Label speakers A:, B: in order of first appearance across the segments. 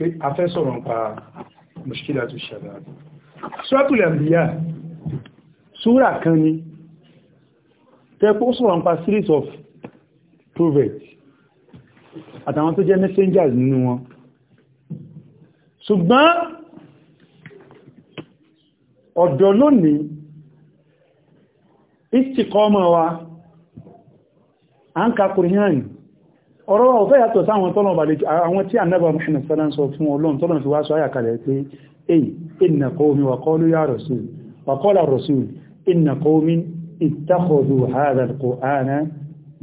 A: afẹ́sọ̀rọ̀ pa mùsùkílà tó ṣàbá suratul Anbiya súrà kan ní tẹ́kọ́ sọ̀rọ̀ pa series of prophets àtàwọn tó jẹ́ messengers nínú wọn ṣùgbọ́n ọ̀dọ̀ lónìí istikọ́mọ̀ wa a ń ka ọ̀rọ̀ ọ̀fẹ́ yàtọ̀ sáwọn tọ́lọ̀ bàlẹ̀ àwọn tí ànábà Muhammad sọ́lá ń sọ fún ọlọ́run tọ́lọ̀ fi wá sọ àyàkalẹ̀ pé èyí inna qawmi wa qalu ya rasul wa qala ar-rasul inna qawmi ittakhadhu hadha al-qur'ana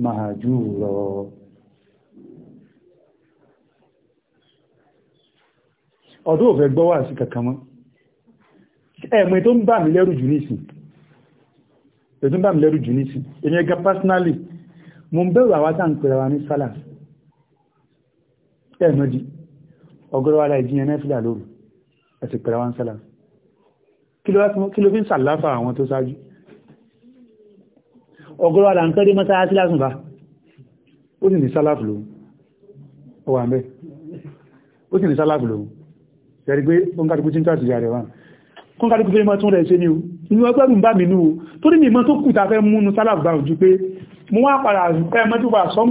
A: mahjura ọdún òfẹ́ gbọ́ wà sí kankan mọ́ ẹ̀mẹ́ tó mo ń bẹ̀rù àwátà ń pèrè wa ní sálàsì tẹ́ẹ̀mọ́dí ọgọ́rọ̀ ara ìjìyàn nẹ́fìlà lóru àti pẹ̀rẹ̀ wọn sálà kí ló fi ń sàláfà àwọn tó ṣáájú ọgọ́rọ̀ ara ń tẹ́rí mọ́sáyásí lásùn bá ó sì ní sálàfù lòun ó wà mẹ́ ó sì ní sálàfù lòun yẹ̀rí pé ó ń kàdùkú tí ń tàṣì yàrẹ̀ wà kún kàdùkú pé mọ́ tún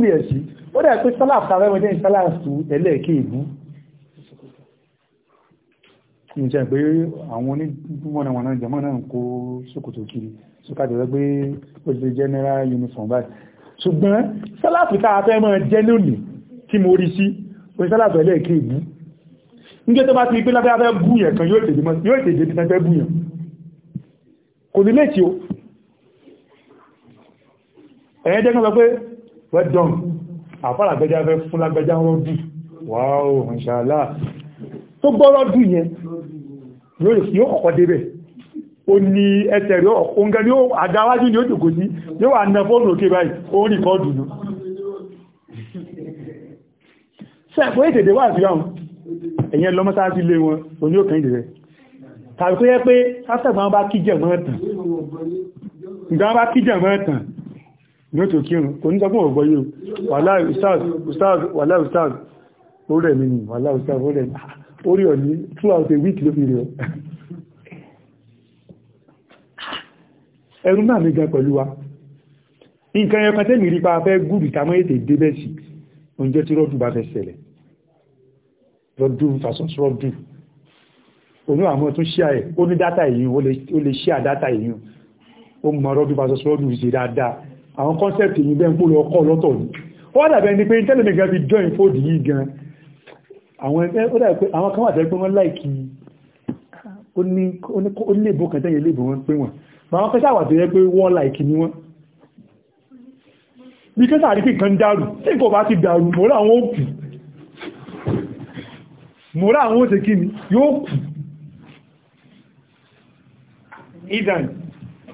A: ó dẹ̀ pé sálà àtàrẹ́wẹ̀dẹ́ ìsálà sù ẹlẹ́ẹ̀kẹ́ ìbú ìjẹ́ pé àwọn onígbọ́nà wọn náà jẹ́mọ́ náà kó ṣòkòtò kiri ṣùkàjẹ́ pé ó ti general uniform báyìí ṣùgbọ́n sálà àfíkà afẹ́ mọ́ jẹ́ lónìí tí mo rí sí onísálà àtàrẹ́lẹ́ ìkẹ́ ìbú nígbẹ́ tó bá ti pé lábẹ́ afẹ́ búyàn kan yóò tèdè yóò tèdè bí fẹ́ búyàn kò ní létí o well done àfàlà gbẹjá fẹ́ fún lágbẹjá rọ́dù wáò ìṣàlá tó gbọ́ rọ́dù yẹn yóò kọ̀kọ́ débẹ̀ ó ní ẹsẹ̀ rí ọ̀gá ní àdáwájú ni ó jòkó sí yóò wà ná fóònù òkè báyìí ó rí kọ́ọ̀dù nù sẹ́ẹ̀kọ́ ètèdè wà sí àwọn ẹ̀yẹn lọ́mọ́sáájú lé wọn ní ó tó kírun kò ní sọpọ̀ ọ̀gbọ́ yóò wàláì ustaz ustaz wàláì ustaz ó rẹ̀ mi nì wàláì ustaz ó rẹ̀ mi ó rí ọ̀ní throughout a week ló fi rí ọ ẹ̀rù náà mi gan pẹ̀lú wa nǹkan ẹ̀kan tẹ́mi rí pa fẹ́ gúrù ìtàmọ́ ètè débẹ̀ sí oúnjẹ tí àwọn kọ́nsẹ́pì yìí bẹ́ẹ̀ ń pòlò ọkọ̀ lọ́tọ̀ ní ó dàbẹ́ ni pé tẹ́lẹ̀mí gan fi join fóòdì yìí gan àwọn kan wà tẹ́ pé wọ́n láìkí ó ní ìbò kan tẹ́yẹ lébò wọn pé wọn àwọn kan sáwà tó yẹ pé wọ́n láìkí ni wọ́n bí kẹsà rí kìkan dàrú tí kò bá ti dàrú mọ́ra àwọn òkú mọ́ra àwọn òsè kí ni yóò kù ìdàn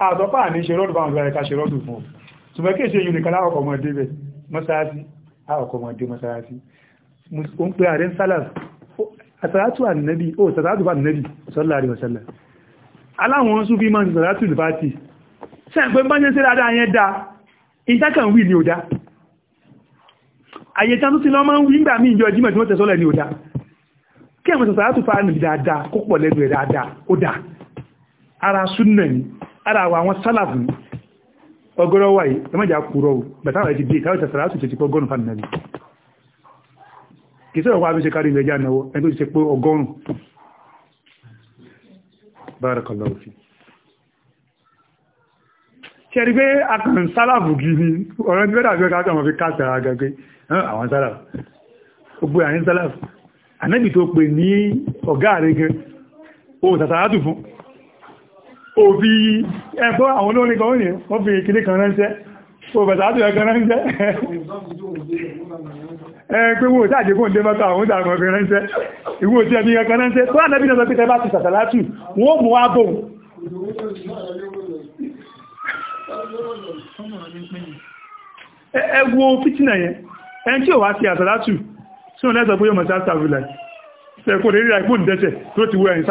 A: àtọ́pá àmì ṣe rọ́dù bá ń gbẹ̀rẹ̀ ká ṣe rọ́dù fún ọ ṣùgbọ́n kí èṣe yìí nìkan láwọ̀kọ̀ ọmọ débẹ̀ mọ́sáàsì àwọ̀kọ̀ ọmọ dé mọ́sáàsì o ń pè àrẹ sálàf àtàràtù ànìyàn ó tàràtù ànìyàn sọ́lá àríwọ̀ sọ́lá aláwọn ni ò dá àyè tán sí lọ máa ń wí nígbà míì jọ jímọ̀ tí wọ́n tẹ̀sọ́lẹ̀ ni ò dá kí àwọn tàràtù fa ànìyàn dáadáa kó pọ̀ lẹ́nu dáadáa ó dá ara súnnà ni ara àwọn sálàf ọgọ́rọ̀ wáyé ẹmọ́jà kúrọ̀ bàtà àwọn ẹ̀jì bíi káwọ́ tẹ̀sàrà tó ti pọ́gọ́rùn fún ànàbì kì í sọ̀rọ̀ wá bí ṣe kárí ilẹ̀ ẹja náwó ẹni tó ti ṣe pé ọgọ́rùn barakallahu fi ṣe rí pé akàn sálàfù gidi ọ̀rọ̀ ní bẹ́ẹ̀ àgbẹ̀ká àwọn fi káàtà àgàgbé àwọn sálàfù gbogbo àyín sálàfù ànàbì tó pè ní ọ̀gá àrẹ́gẹ́ ohun tẹ̀sàrà tó fún òbí ẹgbọ́n àwọn olórin kan ní wọ́n fi kìlé kan ránṣẹ́ òbẹ̀ta àti ẹ̀kan ránṣẹ́ ẹgbẹ́ wo tí àjẹ́kùn dé mọ́ta àwọn ìdàgbọ̀n fi ránṣẹ́ ìwò tí ẹbí ẹ̀kan ránṣẹ́ tó ànẹ́bí náà pẹ́tẹ́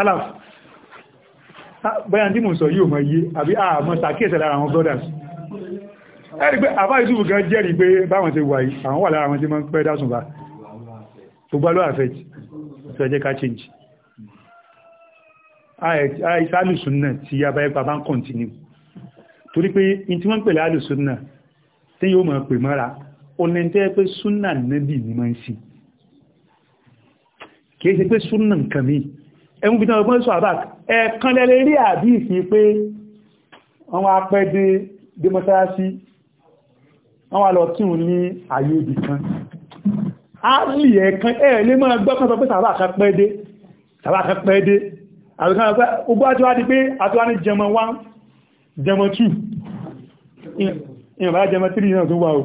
A: bá Ah, bóyá tí mo sọ yíò mọ̀ yé àbí àmọ́ sàkíyèsẹ̀ lára àwọn brothers ẹ̀rí pé àbá ìsúfù gan jẹ́rìí pé báwọn ti wà yìí àwọn wà lára àwọn tí mọ́ pẹ́ dásùn bá gbogbo ló àfẹ́jì tó ẹjẹ́ ká change àìsàlùsùnà tí yaba ẹgbà bá ń kọ̀ntínú torí pé in tí wọ́n ń pè láàlùsùnà tí yóò mọ̀ pè mọ́ra ó ní tẹ́ pé súnà nẹ́bì ní mọ́ ń sí kìí ṣe pé súnà nǹkan mìí ẹmú bí tánwọ́ sọ àbák ẹ̀kan lẹ́lẹ́ rí àdíìsì pé wọ́n apẹ́ dé demọ́sáyásí wọ́n wà lọ tíhùn ní àyè ibì kan a lì ẹ̀kan ẹ̀ lè mọ́ gbọ́kan sọ pé sàbákan pẹ́ dé sàbákan pẹ́ dé àbíkan sọ pé ogbó àti wádìí pé àti wá ní jẹmọ 1 jẹmọ 2 ìrìnbá jẹmọ 3 náà tó wà o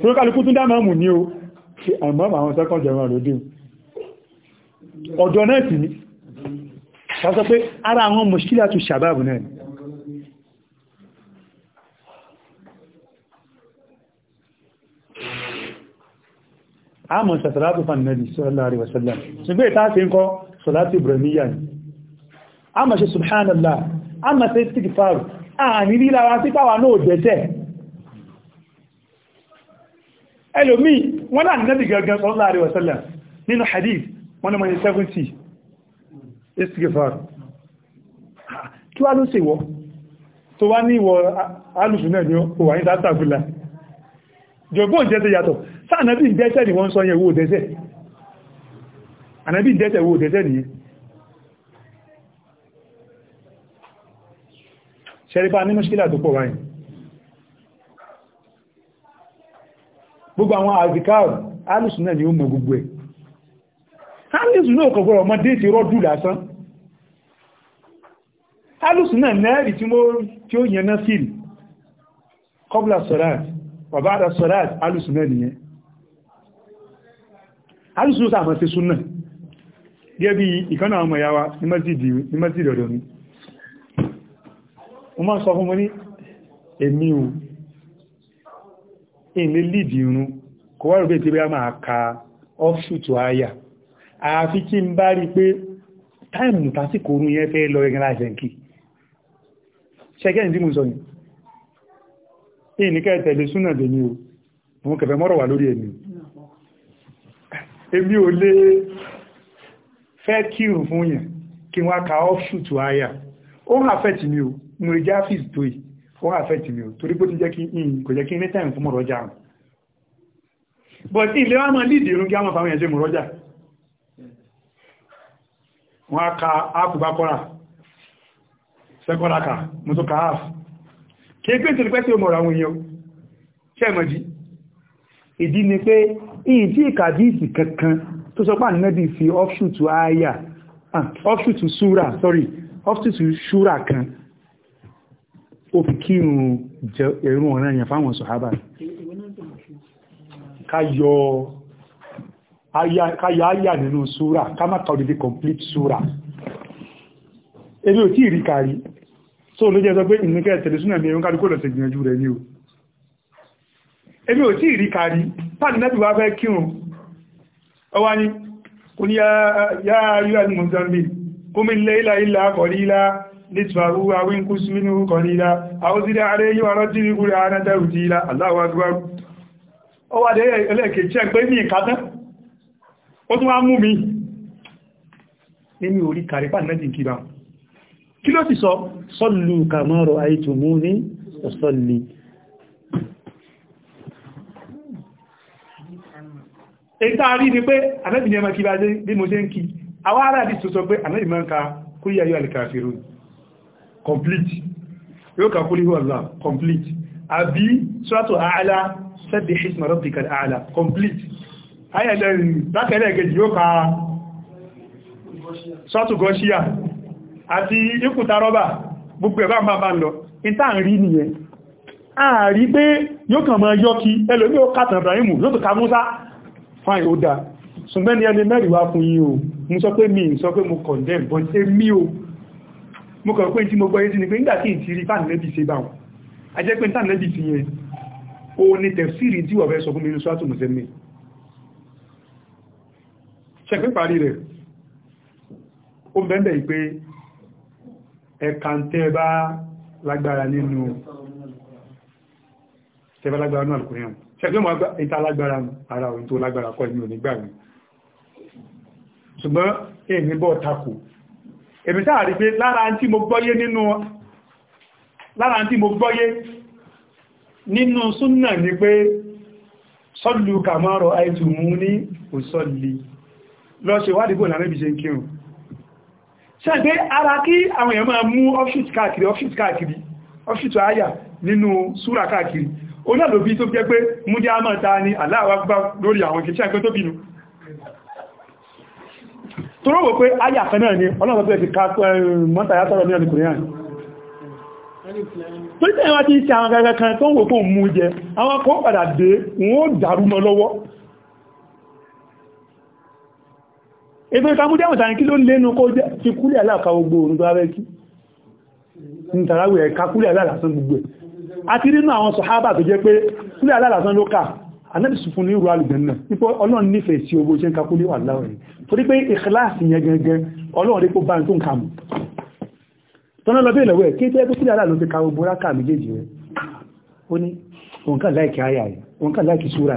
A: tó kálukú tún dá mọ́mù ní o àmọ́ àwọn sẹ́kọ̀ọ́ jẹmọ lòdì ọjọ́ náà sì ni ṣàwọ́sọ pé ara àwọn mọ̀ṣíkílá tó ṣàbábù náà a mọ̀ sàtàràtù fànàlì sallallahu alaihi wasallam ṣùgbé ìta ṣe ń kọ́ sọ̀látì ibrahimiyya ni a mọ̀ ṣe subhanallah a mọ̀ ṣe tí kìfàrù a ní líla wa sí pàwà náà dẹ̀tẹ̀ ẹlòmí wọ́n láàrin nẹ́bì gẹ̀gẹ̀ sallallahu nínú hadith istighfar kí wá ló ṣe wọ́ tó wá ní ìwọ̀ alùsù náà ni ó wà ní sátàfúlà jọgbọ́n jẹ́ tẹ́ yàtọ̀ sáànàbí ìdẹ́sẹ̀ ni wọ́n sọ yẹ owó dẹ́sẹ̀ ànàbí ìdẹ́sẹ̀ owó dẹ́sẹ̀ nìyẹn ṣẹ́rípa ní mọ́ṣílá tó pọ̀ wáyìí gbogbo àwọn àzìkáàrù alùsù náà ni ó mọ gbogbo ẹ̀ alùsùn náà kọ̀kọ́ ọmọ déètì rọ́dù lásán alùsùn náà mẹ́rì tí ó yẹn náà fíìlì kọ́bùlà sọ́láàt bàbá àdá sọ́láàt alùsùn náà nìyẹn alùsùn náà àmọ́ sí súnnà gẹ́ bí ìkánà ọmọ ìyá wa ní mọ́sídì ọ̀dọ̀ mi mo máa sọ fún mo ní èmi ò èmi lídìí irun àfi kí n bá rí pé táìmù tásìkò orun yẹn fẹ́ lọ ẹgbẹ̀rẹ̀ àṣẹ́ǹkì ṣẹ́gẹ́ ìdí mú sọ ní ìníkẹ́ tẹ̀lé súnà dè ní o wọn kẹfẹ́ mọ́rọ̀ wà lórí ẹ̀mí èmi ò lè fẹ́ kírun fún yẹn kí wọ́n ka offshoot àyà ó ń àfẹ́ tì mí o mo lè fíìs tó yìí ó ń àfẹ́ tì mí o torí pé ti jẹ́ kí n kò jẹ́ kí ní táìmù fún mọ̀rọ̀ jà but ilé wa máa lídìí irun kí wọ́n máa fa àwọn ẹ̀ṣẹ́ mọ̀rọ̀ jà wọ́n á ka áàpù bá kọ́ra sẹ́kọ́láka mú tó ka áàpù kí é pé tó pẹ́ tí ó mọ̀ra àwọn èèyàn ṣẹ́mọ̀dí ìdí ni pé ìyìn tí ìkàdíìsì kankan tó sọ pàà nẹ́bí fi ọ́fṣùtù àyà ọ́fṣùtù súra sorry ọ́fṣùtù súra kan ó fi kírun ẹ̀rùn ọ̀ranyàn fáwọn káyà áyà nínú súra ká má kàwé dédé complete súra ebi ò tí ì rí kárí so ló jẹ́ sọ pé ìníkẹ́ tẹ̀lé súnà ní ẹ̀rùn kálukú lọ́sẹ̀ gbìyànjú rẹ̀ ní o ebi ò tí ì rí kárí pàdé náà ti wá fẹ́ kírun ọwá ni kò ní yá ayú àti mozambique kómi lẹ́ìlà ilà kọ̀lílà nítìfàwú awínkú sínú kọ̀lílà àwọ́sílẹ̀ ààrẹ yíò arọ́jìrìkú rẹ̀ anádáwùdílà aláwọ̀ agbárù ọwá dẹ̀ ẹlẹ́kẹ̀ẹ́ ó tún wá mú mi nínú orí kàrífà nẹ́jì kíra kí ló ti sọ sọ́lù kàmọ́rọ̀ àìtùmú ní ọ̀sọ́lì ètà rí ni pé anẹ́bìnrin ẹmọ kí bá jẹ́ bí mo ṣe ń kí àwọn ará àti sọ pé anẹ́bìnrin mọ́ ń ka kúrò yayọ́ complete yóò ka kúrò yíwọ̀ Allah complete àbí sọ́tọ̀ àálá complete látẹ̀lẹ̀ kejì yóò ka sọ́tù gọ́ṣíà àti ikúta rọ́bà gbogbo ẹ̀bá máa bá ń lọ ìta ń rí nìyẹn ààrí pé yóò kàn máa yọ́ kí ẹlòmí ó kàtàn Ibrahim yóò tó ka Musa fine ó dáa ṣùgbẹ́ ni ẹni mẹ́rìnwá fún yí o mú sọ pé mi sọ pé mo condemn but ṣe mí o mo kọ̀ pé tí mo gbọ́yé sí ni pé nígbà tí ìtì rí fáànì lẹ́bì ṣe báwọn a jẹ́ pé ní tàn lẹ́bì fi yẹn o ní tẹ̀síìrì tí fẹ́ sọ fún mi ní sọ́tù mùsẹ́mì ṣẹ́kún parí rẹ̀ ó bẹ́ẹ̀bẹ̀ pé ẹ̀ka tẹ́ bá lágbára nínú tẹ́bá lágbára náà lùkùnrin hàn ṣẹ́kún wọ́n ìta lágbára ara òyìn tó lágbára kọ́ ní onígbàmí ṣùgbọ́n èmi bọ́ takò èmi sáàrí pé lára tí mo gbọ́yé nínú sọ́lù kàmọ́rọ̀ àìtùmú ní òsọ́lì lọ ṣe wádìí bò lánàbí ṣe ń kírùn ṣe pé ara kí àwọn èèyàn máa mú offshoot káàkiri offshoot káàkiri offshoot àyà nínú súra káàkiri ó tó jẹ́ pé mújá máa ta ni aláàwà gbá lórí àwọn kìí ṣe tó bínú tó rọ́wọ́ pé àyà kan náà ni ọlọ́pàá pẹ̀lú mọ́tàyà sọ́rọ̀ ní ọdún kòríyàn tó tẹ́wàá ti ṣe àwọn gẹ́gẹ́ kan tó ń wò kó mú jẹ àwọn kan padà dé wọ́n ebe kàmúdé àwọn ìtàrí kí ló lẹ́nu kó ti kúlẹ̀ aláàkà gbogbo orun tó rẹ̀ kí ní tàràwì ẹ̀ka kúlẹ̀ aláàlásán gbogbo ẹ̀ àti nínú àwọn sọ̀hábà tó jẹ́ pé kúlẹ̀ aláàlásán ló kà anẹ́bìsù fún ní ìrù alùgbẹ̀nà nípa ọlọ́run nífẹ̀ẹ́ sí ogbó ṣe ń kakúlé wà láwẹ̀ torí pé ìkìláàsì yẹn gẹ́gẹ́ ọlọ́run dípò bá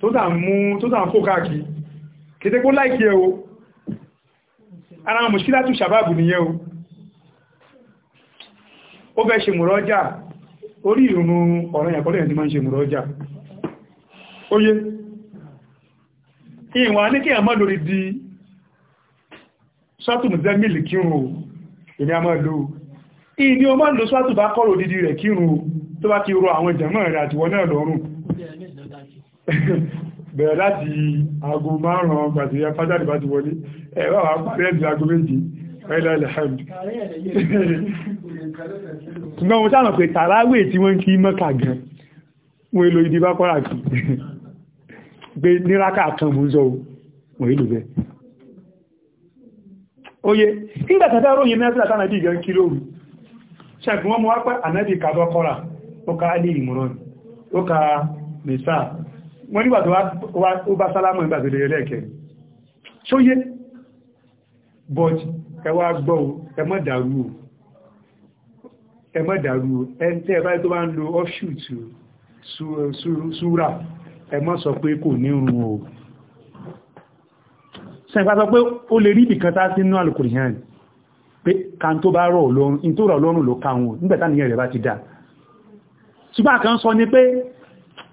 A: tó tà mú tó tà ń fò káàkiri kété kó láìkí ẹ o ara mùsílátù sàbábù nìyẹn o ó fẹ́ ṣe mùrọ́jà orí ìrùn ọ̀rọ̀ ìyàkọ́lẹ̀ ẹ̀dí máa ń ṣe mùrọ́jà óyé ìwọ̀n ní kí lórí di sọ́tùmù zẹ́mìlì kírun o èmi a máa lò ó ìní o máa lò sọ́tù bá kọ́rọ̀ òdìdí rẹ̀ kírun o tó bá ti rọ àwọn ìjẹ̀mọ́ rẹ̀ àtiwọ́ náà lọ́rùn bẹ̀rẹ̀ láti aago márùn-ún gbàtí afájáde bá ti wọlé ẹ̀rọ àwọn parí ẹ̀dì aago méjì ẹ̀lẹ́ ẹ̀lẹ́hàmdì ṣùgbọ́n mo sáàmà pé tàràwé tí wọ́n kí mọ́kà gan wọ́n èlò ìdí bá kọ́rà kí pé nírákà kan mú sọ wọ́n èlò bẹ́ oye nígbàtàtà ròyìn mẹ́sílá tánàbí gan kí lóòrù ṣẹ̀gbọ́n mo wá pẹ́ ànábì kàbọ́ kọ́rà ó ká alì ìmúràn ó ká mẹ́sàá wọ́n nígbà tó bá sálámọ̀ ìgbà tó lè yẹ lẹ́ẹ̀kẹ́ ṣóyé but ẹ wá gbọ́ ẹ má dàrú ẹ má dàrú ẹ tẹ́ ẹ báyìí tó bá ń lo offshoot súra ẹ má sọ pé kò ní run o sẹ́gbà sọ pé ó lè rí ìbìkan tá sí inú Al-Qur'an pé kan tó bá rọ̀ olórun in tó rọ̀ olórun ló káwọn nígbàtá nìyẹn rẹ̀ bá ti dá ṣùgbọ́n àkàn sọ ni pé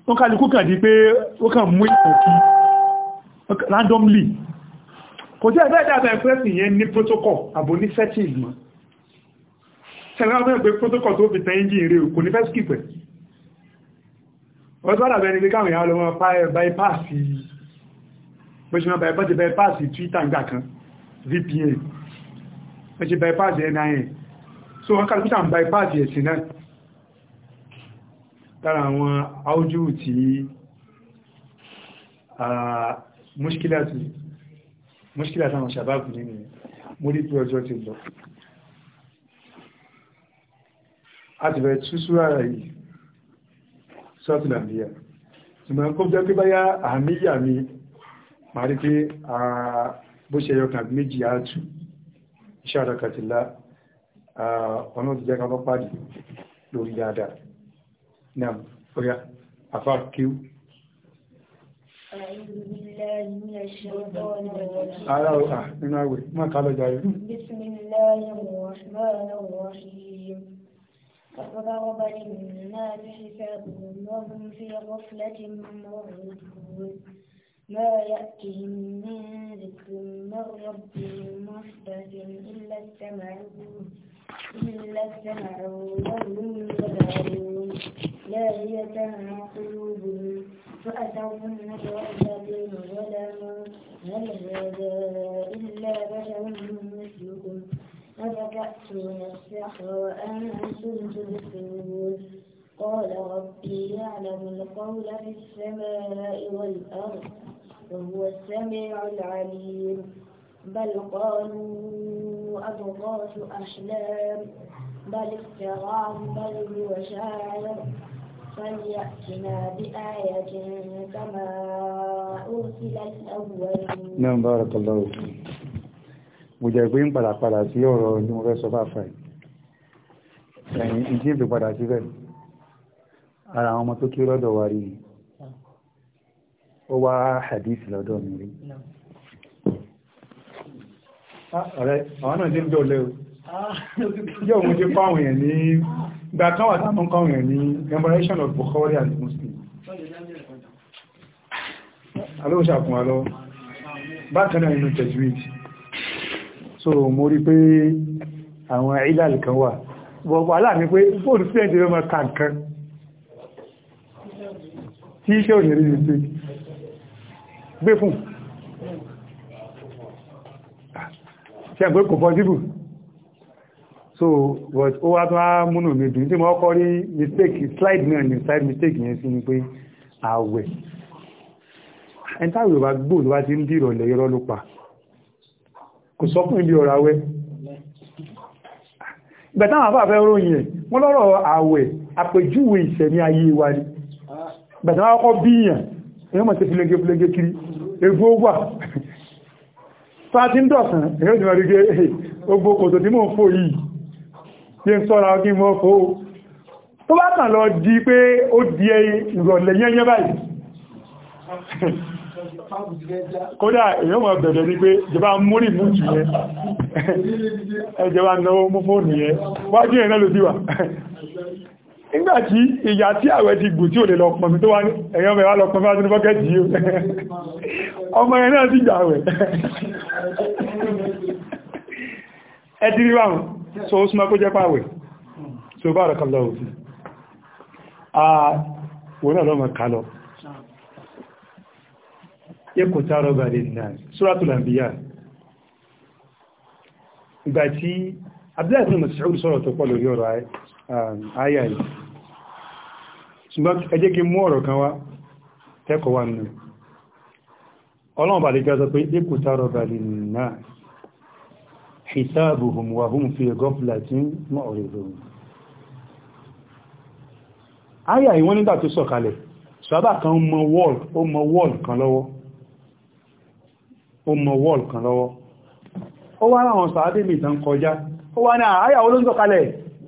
A: wọ́n kálukú kàn di pé ó kàn mú ìpòkí randomly kò jẹ́ ẹgbẹ́ ìdájọ́ ẹ̀fẹ́sì yẹn ní protocol àbò ní settings mọ́ sẹ́lẹ̀ ọmọ ẹgbẹ́ protocol tó fi tẹ́ engine rẹ̀ kò ní fẹ́ skip ẹ̀ wọ́n tó dàbẹ́ ní pé káwọn èèyàn lọ bypassì bẹ́ṣùnà bypassì bypassì Twitter gbà kan VPN bẹ́ṣe bypassì ẹ̀ náà yẹn so wọ́n kálukú tàn bypassì ẹ̀sìn lára àwọn áójú tí múṣkílá táwọn ṣàbábù nínú mórí pé ọjọ́ ti lọ a ti bẹ̀rẹ̀ túsú ara yìí sọ́tìlàndíyà ṣùgbọ́n kó jẹ́ pé báyá àmìyà mi máa rí pé bó ṣe yọ kàbí méjì á tù iṣẹ́ àdọ́kàtìlá ọ̀nà ti jẹ́ ká lórí dáadáa نعم ويا أفاكيو
B: أعوذ بالله من الشيطان الرجيم
A: أعوذ ما قال جاي
B: بسم الله الرحمن الرحيم فاقترب للناس حسابهم وهم في غفلة معرضون ما يأتيهم من ذكر من ربهم محدث إلا استمعوه لاهية قلوبهم فأتوا النجوى الذين ظلموا هل هذا إلا بشر مثلكم أفتأتون السحر وأنتم تبصرون قال ربي يعلم القول في السماء والأرض وهو السميع العليم بل قالوا أضغاث أحلام بل افتراه بل هو شاعر فليأتنا بآية كما أرسل الأولين نعم بارك
A: الله فيك mo jẹ́ pé ń padà padà sí ọ̀rọ̀ ní mo fẹ́ sọ fàfà ẹ̀yìn ìdí èdè padà síbẹ̀ ara àwọn ọmọ tó kí lọ́dọ̀ wa rí ó wá hadith lọ́dọ̀ mi rí Ah, ọ̀rẹ́ àwọn náà jẹ́ ń dọ̀lẹ́ o yóò mú ti kọ́ àwọn èèyàn ní gbà kan wà táwọn kọ́ àwọn èèyàn ní memorization of Bukhari and Muslim alóòṣà àkùnwà lọ bákan náà inú jesuit so mo rí pé àwọn ilal kan wà wọ̀wọ̀ aláàmì pé fóònù sílẹ̀dì ló máa kàǹkan tí iṣẹ́ òyìnrí ní pé gbé fún ṣe pé kò possible so but ó wá tó wá múnú mi dùn tí mo kọ́ rí mistake slide náà ni slide mistake yẹn sí ni pé àwẹ̀ ẹni táwọn yorùbá gbò ló bá ti ń dìrọ̀ lẹ̀ yọrọ ló pa kò sọ fún ibi ọ̀rọ̀ àwẹ̀ ìgbà táwọn afáfẹ́ ròyìn ẹ̀ wọ́n lọ́rọ̀ àwẹ̀ àpèjúwe ìṣẹ̀mí ayé wa ni ìgbà táwọn akọ́ bíyàn èèyàn mọ̀ sí filegefilege kiri egbó wà tàbí ń dọ̀sán ẹ̀rọ ìjìnà rí gẹ́ ogbó kòtò tí mò ń fò yìí tí ń sọ́ra kí mọ́ fò ó tó bá kàn lọ di pé ó di ìrọ̀lẹ̀ yẹ́yẹ́ báyìí kódà èyàn mọ̀ bẹ̀rẹ̀ ní pé jẹba múrí mú jù yẹ ẹjẹba náwó mú fóònù yẹ wájú ẹ̀rẹ́ lò nígbàtí ìyà tí àwẹ̀ ti gbù tí ò lè lọ pọ̀mí tó wá ní ẹ̀yàn mẹ́wàá lọ pọ̀mí láti ní bọ́kẹ́tì yíò ọmọ ẹ̀ náà sì gbà àwẹ̀ ẹ̀dìríwàmù so ó súnmọ́ kó jẹ́ pàwẹ̀ tí ó bá rẹ̀ kọlọ òfin àwọn ọlọ́mọ kalọ yẹ́kù tààrọ bàrẹ̀ náà Suratul Anbiya ìgbà tí Abdullahi ibn Mas'ud ṣùgbọ́n ẹ jẹ́ kí mú ọ̀rọ̀ kan wá tẹ́kọ̀ọ́ wà nínú ọlọ́run bàlẹ̀ gbá sọ pé ikú tààrọ̀ bàlẹ̀ náà hisabuhum wa hum fi ghaflatin mu'ridun ayà ìwọ́n nígbà tó sọ̀kalẹ̀ sọ́bà kan mọ wọ́ọ̀l ó mọ wọ́ọ̀l kan lọ́wọ́ ó mọ wọ́ọ̀l kan lọ́wọ́ ó wá láwọn sàádé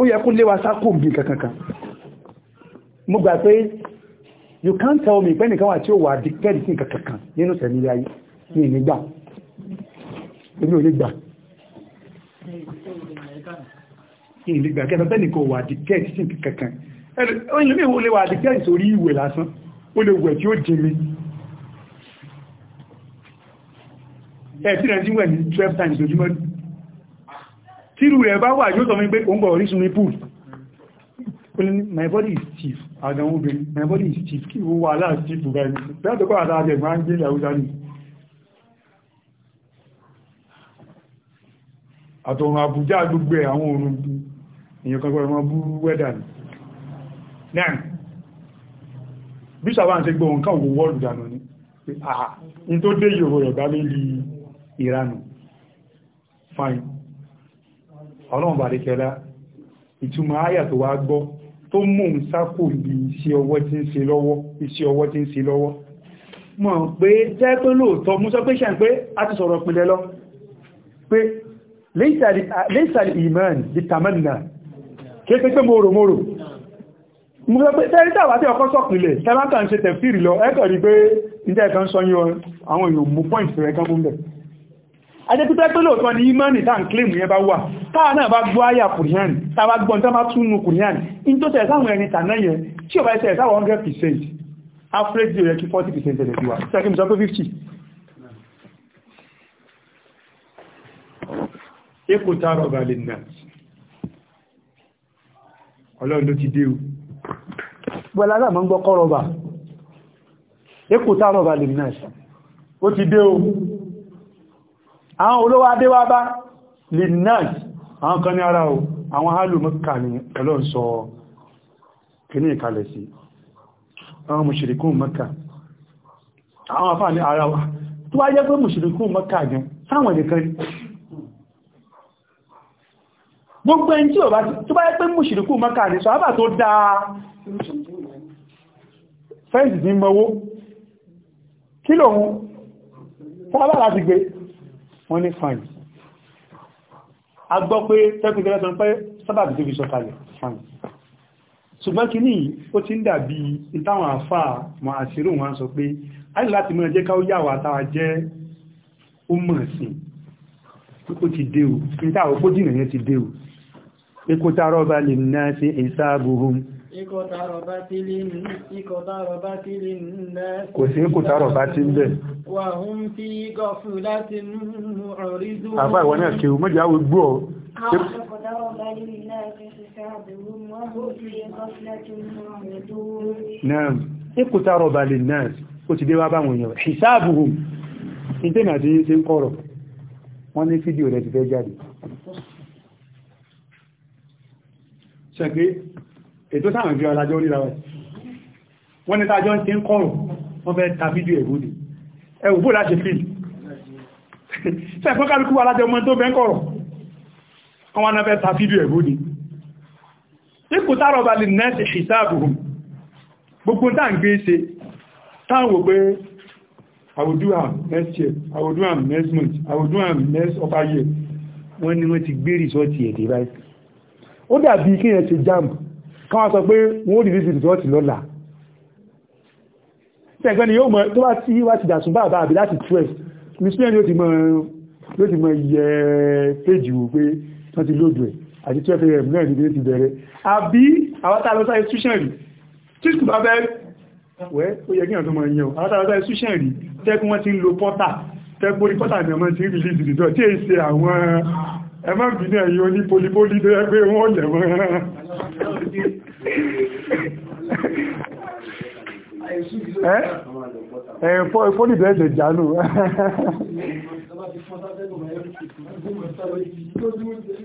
A: ó yẹ kó léwa sákò bí kankankan mo gbà pé you can't tell me pé nìkan wà tí ó wà dìkẹ́dì sí kankankan nínú sẹ̀mílẹ̀ ayé ní ìnigbà èmi ò lè gbà tí wẹ̀ ní 12 times ojúmọ́ tírù rẹ̀ bá wà yóò sọ mi pé òun bọ̀ orísun mi pool my body is stiff àgbọn obìnrin my body is stiff kí ìwò wà láà stiff bá ẹni látọ̀kọ́ àtàjẹ̀ máa ń gbé ìyàwójá ní àtọ̀run àbújá gbogbo ẹ̀ àwọn òrùn èèyàn kan gbọ́rọ̀ bú wẹ́dà ní náà bíṣà wá ń ṣe gbọ́ nǹkan òwò wọ́ọ̀lù dànù ní àà in tó dé yòrò rẹ̀ bá lè rí ìranù fine ọlọ́run bàríkẹ́lá ìtumọ̀ àyà tó wá gbọ́ tó mú un sákò bí iṣẹ́ ọwọ́ tí ń ṣe lọ́wọ́ iṣẹ́ ọwọ́ tí ń ṣe lọ́wọ́ mọ̀ pé jẹ́ pé lóòótọ́ mú sọ pé ṣe pé a ti sọ̀rọ̀ pinlẹ̀ lọ pé lẹ́sàlì iman di tamanna kéèké pé mòrò mòrò mú sọ pé tẹ́rí tàwà tí ọkọ́ sọ̀pìnlẹ̀ tẹ́lákà ń ṣe tẹ̀fìrì lọ ẹ́kọ̀ rí pé ìjẹ́ ìkan sọ yí àwọn èèyàn mú pọ́ìntì rẹ̀ kan mú bẹ̀ ajẹ́pítẹ́ pé lóòtọ́ ni imani tá ń claim yẹn bá wà táà náà bá gbọ́ àyà kùrìyàn tàbá gbọ́n tó bá túnú kùrìyàn in tó tẹ̀ sáwọn ẹni tà náà yẹn tí ò bá ṣe sáwọn 100% average rẹ̀ kí 40% ẹ̀lẹ̀ tiwa sẹ́kí mìsọ́ pé 50 ekò tààrọ̀ balẹ̀ náà ọlọ́run ló ti dé o bọ́lá náà mọ́ ń gbọ́ kọ́rọ̀ bà ekò tààrọ̀ balẹ̀ náà ó ti dé o àwọn olówó adéwà bá lè náà àwọn kan ní ara o àwọn alùmọ́kà ní ọlọ́n sọ kìíní ìkàlẹ̀ sí àwọn mùsùlùkún mọ́kà àwọn afá ní ara wa tó wá jẹ́ pé mùsùlùkún mọ́kà gan sáwọn nìkan gbogbo ẹni tí ó bá tó bá jẹ́ pé mùsùlùkún mọ́kà ní sọ àbà tó dáa fẹ́ǹsì ti mọ́wó kí lòun sábà láti gbé wọ́n ní fine a gbọ́ pé tẹ́kùnkẹ́lẹ́ sọ pé sábàbí tó fi sọ kalẹ̀ fine ṣùgbọ́n kí ní ó ti ń dàbí ìtàwọn àfáà mọ̀ àṣírò wọn sọ pé a ní láti mọ́ jẹ́ ká ó yàwó àtàwà jẹ́ ó mọ̀ sí ó ti dé o níta òpójìnà yẹn ti dé o ekúta rọ́bà lè náà sí ìsáàbùhùn
B: Kò sí kòtàrọ̀ bá ti ń bẹ̀. Àbá ìwọ̀n náà kìí
A: mọ́já wí gbọ́ ọ. Náà, ìkòtàrọ̀ bá lè náà, ó ti dé wá báwọn èèyàn. Hisabuhum, ìtẹ́nà àti ṣe ń kọ́rọ̀. Wọ́n ní fídíò rẹ̀ ti fẹ́ jáde. Ṣẹ́gbé ètò sáwọn fi ọlájọ́ oríra wẹ̀ wọ́n ní tàjọ́ ti ń kọrùn wọ́n fẹ́ ta fídíò ẹ̀wò ní ẹ̀wò bó láti fíìlì sẹ́fọ́n kálukú alájọ́ ọmọ tó bẹ́ẹ̀ kọ̀rọ̀ wọ́n náà fẹ́ ta fídíò ẹ̀wò ní ipò I will do am next year, I will do am next month, I will do am next upper year. Wọ́n ní wọ́n ti gbé rìsọ́ọ̀tì ẹ̀dẹ̀ Ó dàbí kí ẹ ti jáàmù káwọn sọ pé wọ́n rí rísì rìsọ́ọ̀tì lọ́la tẹ́gbẹ́ ni yóò mọ̀ tó bá tí wá ti dàsùn bá àbá àbí láti 12 mìsílẹ̀ yóò ti mọ̀ yẹ péjì wò pé wọ́n ti lóòdù ẹ̀ àti 12 am náà nígbé ti bẹ̀rẹ̀ àbí àwátàlọ́sá institution rí tí kù bá bẹ́ wẹ́ ó yẹ kí ọ̀tọ́ mọ̀ yẹn àwátàlọ́sá institution rí tẹ́kún wọ́n ti ń lo pọ́tà tẹ́gbórí pọ́tà ni ọmọ ti rí release result tí èsì àwọn ẹmọ́bìnrin ẹ̀yọ́ ní polipoli tó yẹ pé wọ́n lẹ̀wọ̀n ẹ̀fọ́ ẹ̀fọ́ nìbẹ̀ jánú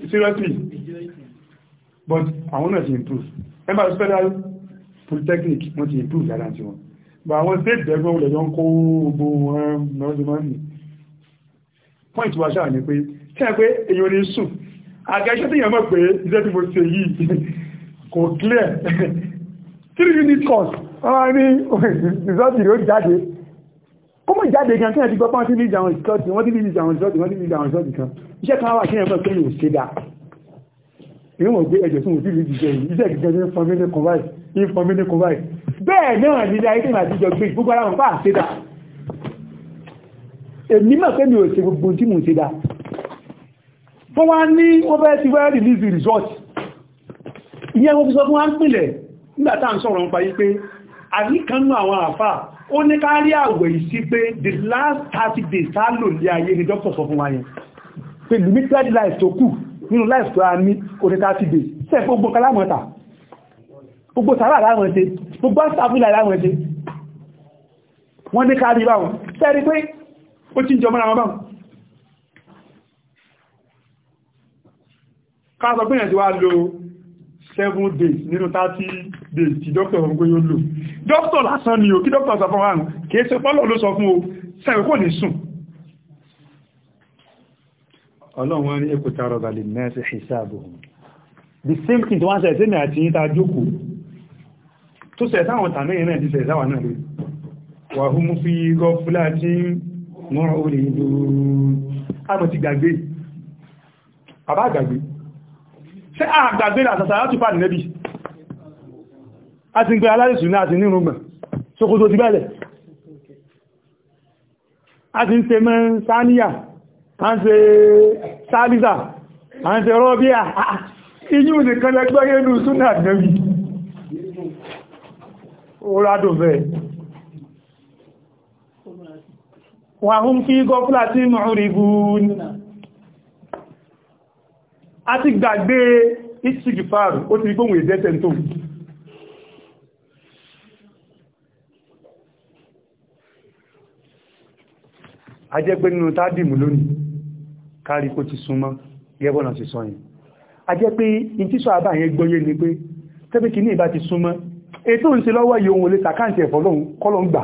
A: seriously but àwọn náà ti improve ẹgbà special polytechnic wọ́n ti improve yàrá tí wọ́n but àwọn state government wọ́n lè jọ ń kó gbogbo wọn point wa ṣáà ni pé tí a pé èyàn ní sùn àgẹ́ṣẹ́ tí èyàn mọ̀ pé iṣẹ́ tí mo ṣe yìí kò clear three unit cost wọ́n ní rìsọ́ọ̀tì rẹ̀ ó jáde ó mọ̀ jáde gan kí ẹ̀ ti gbọ́ pọ́n tí ní ìjàwọn ìsọ́ọ̀tì wọ́n tí ní ìjàwọn ìsọ́ọ̀tì wọ́n tí ní ìjàwọn ìsọ́ọ̀tì kan iṣẹ́ kan wà kí ẹ̀ mọ̀ pé yóò ṣe dáa ìwọ̀n gbé ẹjẹ̀ tún òfin ìdíjẹ́ ìdíjẹ́ gẹ́gẹ́ fọmílẹ̀ kọ̀wáì ìfọmílẹ̀ kọ̀wáì bẹ́ẹ̀ náà nílẹ̀ ayé tẹ́mà àtijọ́ gbé gbogbo ara wọn pàá sídá èmi mọ̀ pé mi ò ṣe gbogbo tí mo sídá fún wá ní wọ́n fẹ́ ti wẹ́rẹ̀ release resort ìyẹn wọ́n fi sọ fún wá ń pìlẹ̀ nígbàtà ń sọ̀rọ̀ ń parí pé àníkanú àwọn àfà ó ní ká rí àwẹ̀ ìsí pé the last 30 days tá lò lé ayé ni dókítà sọ fún wa yẹn limited life tó kù nínú life tó a ní ó 30 days sẹ́ẹ̀ gbogbo kalámọ́ta gbogbo sàrà láwọn ẹ̀ṣẹ́ gbogbo àṣàfihàn láwọn ẹ̀ṣẹ́ wọ́n ní káàrí báwọn sẹ́rí pé ó tí ń jọ mọ́ra wọn báwọn lo 7 days nínú 30 dé tí dókítà sọ fún pé yóò lò dókítà lásán ni o kí dókítà sọ fún wa nù kìí ṣe pọ́lọ̀ ló sọ fún o sẹ́wẹ̀ kò ní sùn ọlọ́run wọn ní ẹkù tààrọ̀ balẹ̀ mẹ́sì ìṣàbò the same thing tó wá sẹ̀ sí ní àti yíta jókòó tó sẹ̀ sáwọn tàmí ìrìn àti sẹ̀ sáwọn náà rí wà hún mú fi gọ́ àgbàgbé àtàtà láti fà nẹ́bì a ti gbé alárìsù náà ti nínú gbọ̀n ṣokoto ti bẹ́lẹ̀ a ti ń ṣe mẹ́ sáníyà a ń ṣe sáàlìsà a ń ṣe rọ́bíà inú nìkan lẹ́gbẹ́rẹ́ inú súnà nẹ́bí ó rádò bẹ́ẹ̀ wà hún kí gọ́fúlà tí mọ̀rí gún a ti gbàgbé ìsìgìfààrù ó ti gbóhùn ìdẹ́tẹ̀ a jẹ́ pé nínú tádìmù lónìí kárí kó ti súnmọ́ gẹ́bọ̀nà ti sọ yìí a jẹ́ pé in tí sọ àbá yẹn gbọ́yé ni pé tẹ́bí kì ní ìbá ti súnmọ́ ètò ń ṣe lọ́wọ́ yìí ohun sàkáǹtì ẹ̀fọ́ kọ́lọ́n gbà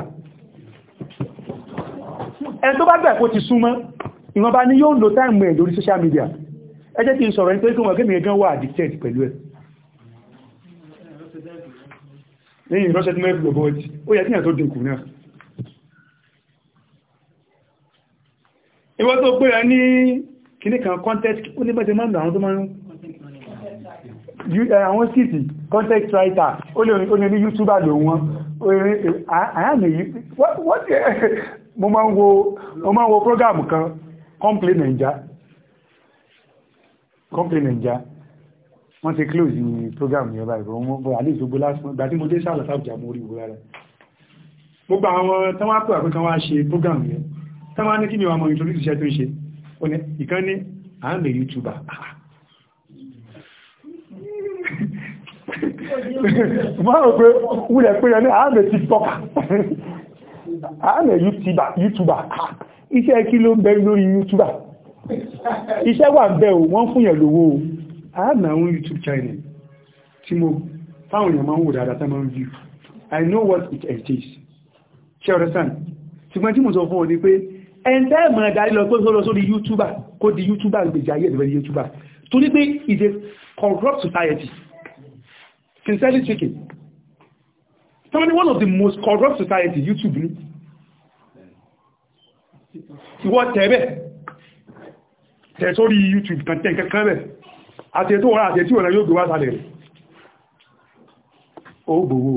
A: gbà social media ẹ jẹ́ kí n sọ̀rọ̀ ní pé kí wọ́n kémi gan wà addicted pẹ̀lú ẹ̀ ìwọ tó pé ẹ ní kìní kan context ó ní bẹ́ẹ̀ mọ́ndà àwọn tó máa ń àwọn síìtì context writer ó lè ní youtuber lò wọn mo máa ń wo program kan complete Naija complete Naija wọ́n ti close ní program yẹn báyìí bọ́ mọ́ àlejò gbogbo lásán gbà tí mo dé sáàlọ̀ sáàbùjá mo rí ìwúrá rẹ̀ gbogbo àwọn tán wá pè wá ṣe program yẹn sọ́mọ́ ní kí ni wà mọ̀ nítorí ìṣẹ́ tó ń ṣe ìkan ní à youtuber máa rò pé wúlẹ̀ pé ẹni à ń lè tiktoker youtuber iṣẹ́ kí ló ń bẹ lórí youtuber iṣẹ́ wà ń bẹ o wọ́n fún yẹn lówó o à ń àwọn youtube channel tí mo táwọn èèyàn máa ń wò dáadáa tá máa ń view i know what it is ṣe ọ̀rẹ́sàn ṣùgbọ́n tí mo sọ fún ọ ni pé ẹ̀ntẹ́ ẹ̀mọ̀ ẹ̀dárí lọ tó sórí youtuber kó di youtuber gbèjì ayé ẹ̀dẹ̀rẹ̀ youtuber tó ní pé is a corrupt society sincerely speaking somebody one of the most corrupt society youtube ni ìwọ tẹ́ẹ̀bẹ̀ tẹ́ẹ̀ sórí youtube kan tẹ́ kankan bẹ̀ àti ètò ọ̀rọ̀ àti ètò ọ̀rọ̀ yóò gbé wá sálẹ̀ rẹ̀ ó gbòwó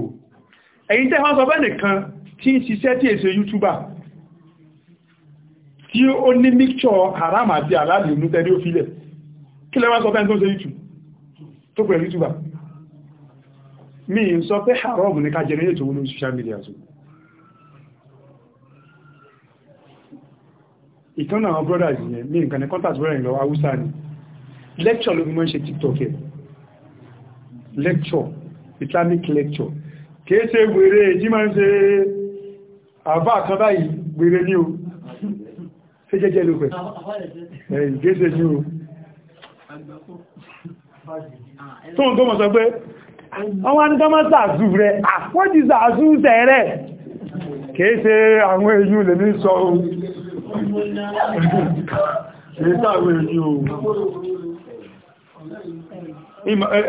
A: ẹ̀yìn tẹ́ wọ́n sọ bẹ́ẹ̀ nìkan tí ń ṣiṣẹ́ tí èsè youtuber tí ó ní mixture haram àti aláàlì onútẹ́rí ó filẹ̀ kí lẹ́wà sọ fẹ́ tó ṣe ìtù tó pẹ̀lú ìtùbà mi ń sọ pé haram ní ká jẹrẹ ètò olóòrùn social media tó ìtọ́nà àwọn brothers yẹn mi nǹkan ní contact brother ìlọ haúsá ni lecture ló fi mọ́ ṣe tiktok ẹ̀ lecture islamic lecture kìí ṣe gbèrè jí máa ń ṣe àbá kan báyìí gbèrè ní o ṣe jẹ́jẹ́ ló pẹ̀ ìgbésẹ̀ ní o tó ń gọ́mọ̀ sọ pé ọwá ní gọ́mọ̀ sàásù rẹ̀ àpọ́jì sàásù tẹ̀rẹ̀ kìí àwọn èyí lè ní sọ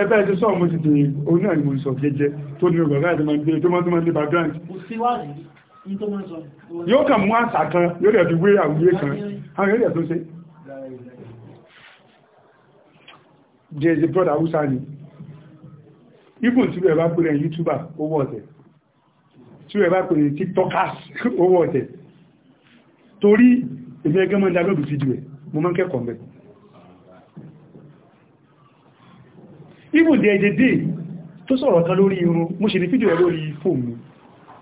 A: ẹgbẹ́ ẹ̀sẹ̀ sọ́ọ̀mù ti dìí oní àìmọ̀ ìsọ̀ jẹ́jẹ́ tó ní ọgbà yóò kàn mú àṣà kan yóò rẹ̀ fi wé àwúyé kan àwọn èdè tó ṣe jẹ́jẹ́ brọ́dà húsá ni ibùn tí wẹ́ bá pèrè youtuber owó ọ̀tẹ̀ tí wẹ́ bá pèrè tiktokers owó ọ̀tẹ̀ torí èmi ẹgbẹ́ mọ́ ìdálóbù fídíò ẹ̀ mo máa ń kẹ́kọ̀ọ́ mẹ́ ibùn jẹ́jẹ́ dé tó sọ̀rọ̀ kan lórí irun mo ṣe ní fídíò lórí fóònù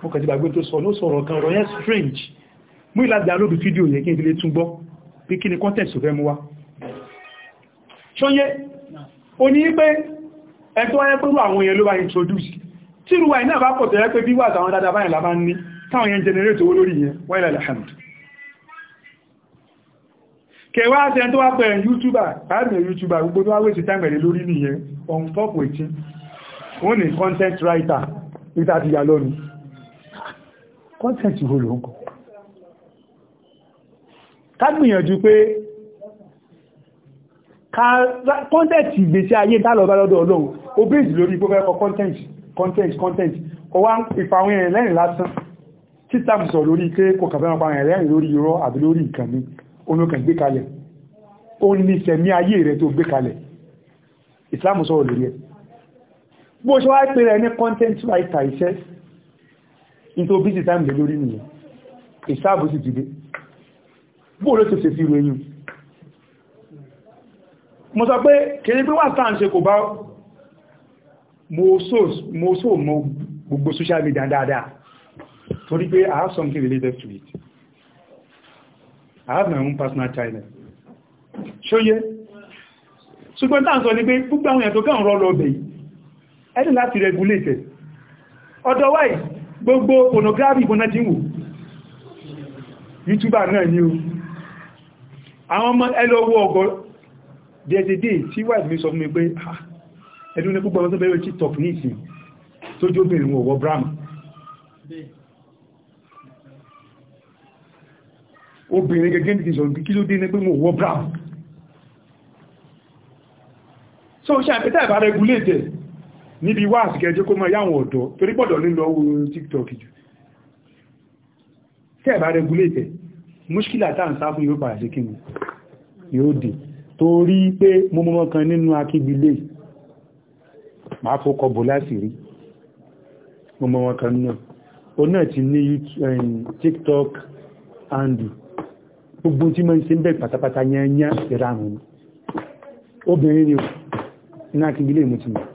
A: mo kàn ti gbàgbé tó sọ ló sọ̀rọ̀ kan ọ̀rọ̀ yẹn strange mú ìlàjà lóbi fídíò yẹn kí n lè tún gbọ́ pé kí ni context fẹ́ mú wá ṣọ́yẹ́ o ní pé ẹ̀tọ́ ayẹ́ pẹ̀lú àwọn èèyàn ló bá introduce tí ìrùwà iná bá pọ̀ tẹ́rẹ́ pé bí wà àtàwọn dáadáa báyìí lábá ní táwọn yẹn generate owó lórí yẹn wáyé alhamd kẹwàá ṣe tó wá pẹ̀ youtuber láàrin youtuber gbogbo tó wá wéṣe time ẹ̀rẹ́ lórí nìyẹn on top waiting ó ní content writer ìtàdìyà lónìí Content wo ló ń kọ́ ká gbìyànjú pé kọ́ntẹ̀tì ìgbésí ayé dálọ́bá lọ́dọ̀ ọlọ́run ó bèèsì lórí gbogbo ẹkọ kọ́ntẹ̀tì kọ́ntẹ̀tì kọ́ntẹ̀tì ọwá ìfàwọn èèyàn lẹ́rìn lásán títà sọ lórí pé kò kàfẹ́ràn pa èèyàn lẹ́rìn lórí irọ́ àbí lórí nǹkan mi olókàn gbé kalẹ̀ ó ní sẹ̀mí ayé rẹ̀ tó gbé kalẹ̀ ìsìlámù sọ̀rọ̀ lórí ẹ̀ bó ṣe wá pé rẹ̀ ní content writer iṣẹ́ ìtò bíjì táìmì lè lórí nìyàn ìsáàbù sì ti dé bóò ló ti ṣe sí ìròyìn mo sọ pé kèrè pé wà sáà ń ṣe kò bá mo só mọ gbogbo social media dáadáa torí pé I have something related to it I have my own personal channel ṣóyé ṣùgbọ́n táà ń sọ ní pé gbogbo àwọn èèyàn tó kàn rọ́ lọ bẹ̀ yìí ẹni láti regulate Otherwise gbogbo pornography ìbọn náà ti wò youtuber náà ni o àwọn ọmọ ẹlọ́wọ́ ọgọ́ dẹ́ẹ̀dẹ́dẹ́ tí wáìdì mi sọ fún mi pé ah, ẹdún ní púpọ̀ ọmọ tó bẹ̀rẹ̀ tiktok ní ìsìn tó jóbìnrin wọ̀wọ́ brahma obìnrin gẹ́gẹ́ ní ìṣọ̀ kí ló dé ní pé mo wọ́ brown so ṣe àpẹta ìbára egulé tẹ̀ níbi wá àsìkẹjẹ́ kó mọ́ yáwọn ọ̀dọ́ torí pọ̀dọ̀ nílọ owó tiktok jù tẹ́ bá regulate múṣkílà táà ń sá fún yóò padà sí kí ni yóò dì torí pé mo mọ́ kan nínú akígbilé máa fọ́kọ bò láti rí mo kan náà o náà ti ní eh, tiktok andu gbogbo tí mọ́ ṣe ń bẹ̀ pátápátá yẹn yẹn ìranù obìnrin ni ó ní akígbilé mo ti mọ̀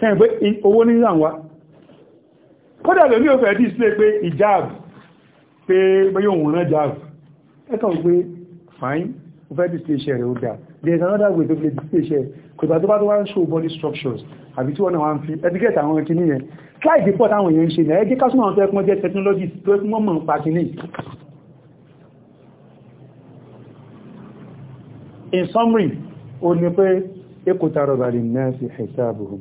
A: sẹ́yìn pé owó ní ìrànwá kódà lè ní òfẹ́ display pé ìjáàbù pé bẹ́yọ̀ òun rán jáàbù ẹ́kàn pé fine òfẹ́ display share rẹ̀ ó dá there is another way to play display share kò bá tó bá tó wá ń show body structures àbí tí wọ́n náà wá ń fi etiquette àwọn kìíní yẹn try the port àwọn èèyàn ń ṣe ní ẹgbẹ́ kásùmọ̀ àwọn tó jẹ́ technology tó ẹkùn mọ́ mọ̀ ń pa in summary o ní pé ekotaro bari nurse hisabuhum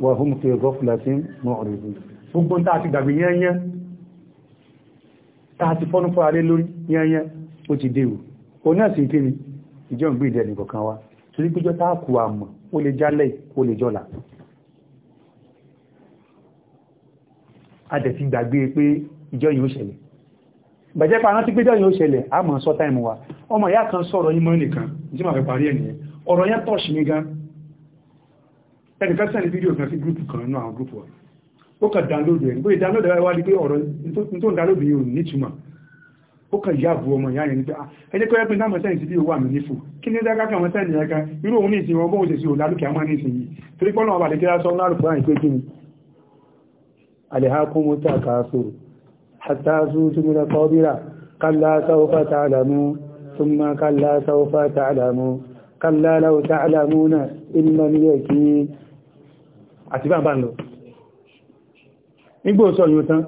A: wà fún kí gọ́fìlẹ̀tí mọ́ọ̀rẹ̀dì gbogbo tàà ti gbàgbé yẹ́yẹ́ tàà ti fọ́nú fọ́ alé lórí yẹ́yẹ́ ó ti dèrò o náà sì kí ni ìjọ ìgbé ìdẹ̀ nìkọ̀kan wa torí píjọ tàà kù àmọ̀ ó lè jálẹ̀ ó lè jọ́là a dẹ̀ ti gbàgbé pé ìjọ yìí ó ṣẹlẹ̀ bẹ̀jẹ́ pa rántí ọ̀rọ̀ yẹn tọ̀ṣì mi gan ẹnìkan sẹ́ni fídíò kan sí gúrùpù kan nínú àwọn gúrùpù wa ó kà dáńlódù ẹni bóyá dáńlódù ẹwà wáyé pé ọ̀rọ̀ tó ń dáńlódù yìí ò ní túmọ̀ ó kà yá bu ọmọ ìyá yẹn nípa ẹni pé ẹgbẹ́ náà sẹ́yìn sí bí owó àmì nífò kí ní dáká kàwọn sẹ́yìn ẹ̀ka irú òun ní ìsìn wọn bóun ṣe sí òun lálùkẹ́ àmọ́ ní ìsìn yìí torí pọ́nà ọba àdékẹ́ aṣọ ńlárùkú àyìn pé kí ni alhaqumu takasur hatta zutum la qadira kalla sawfa ta'lamu thumma kalla sawfa ta'lamu àti bá bá lọ nígbò sọ yóò tán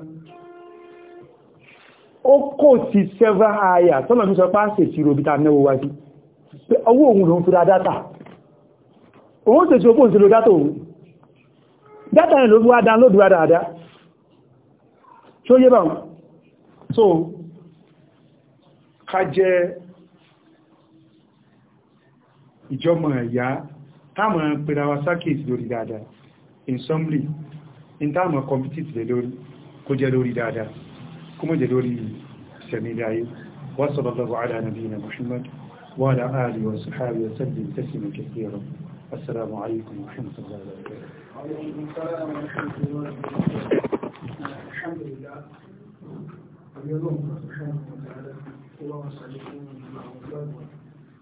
A: ó kò sí several tọ́nà ní sọ pàṣẹ ta mẹ́wọ́ wá sí pé ọwọ́ òun lọ ń fi ra dátà òun tẹ̀sí ogún lọ dátà òun dátà ni ló fi wá dánlódù dáadáa tí ó yé bá wọn so ká jẹ́ ìjọmọ̀ in summary in tá ma competitive lè lórí kó jẹ́ lórí dada kuma jẹ́ lórí sẹ̀mílẹ̀ ayé wa sallallahu ala nabiyina Muhammad wa ala alihi wa sahbihi wa sallim taslima kathira assalamu alaikum wa rahmatullahi
B: wa barakatuh alhamdulillah اليوم سبحانه وتعالى هو صالحون مع أولادنا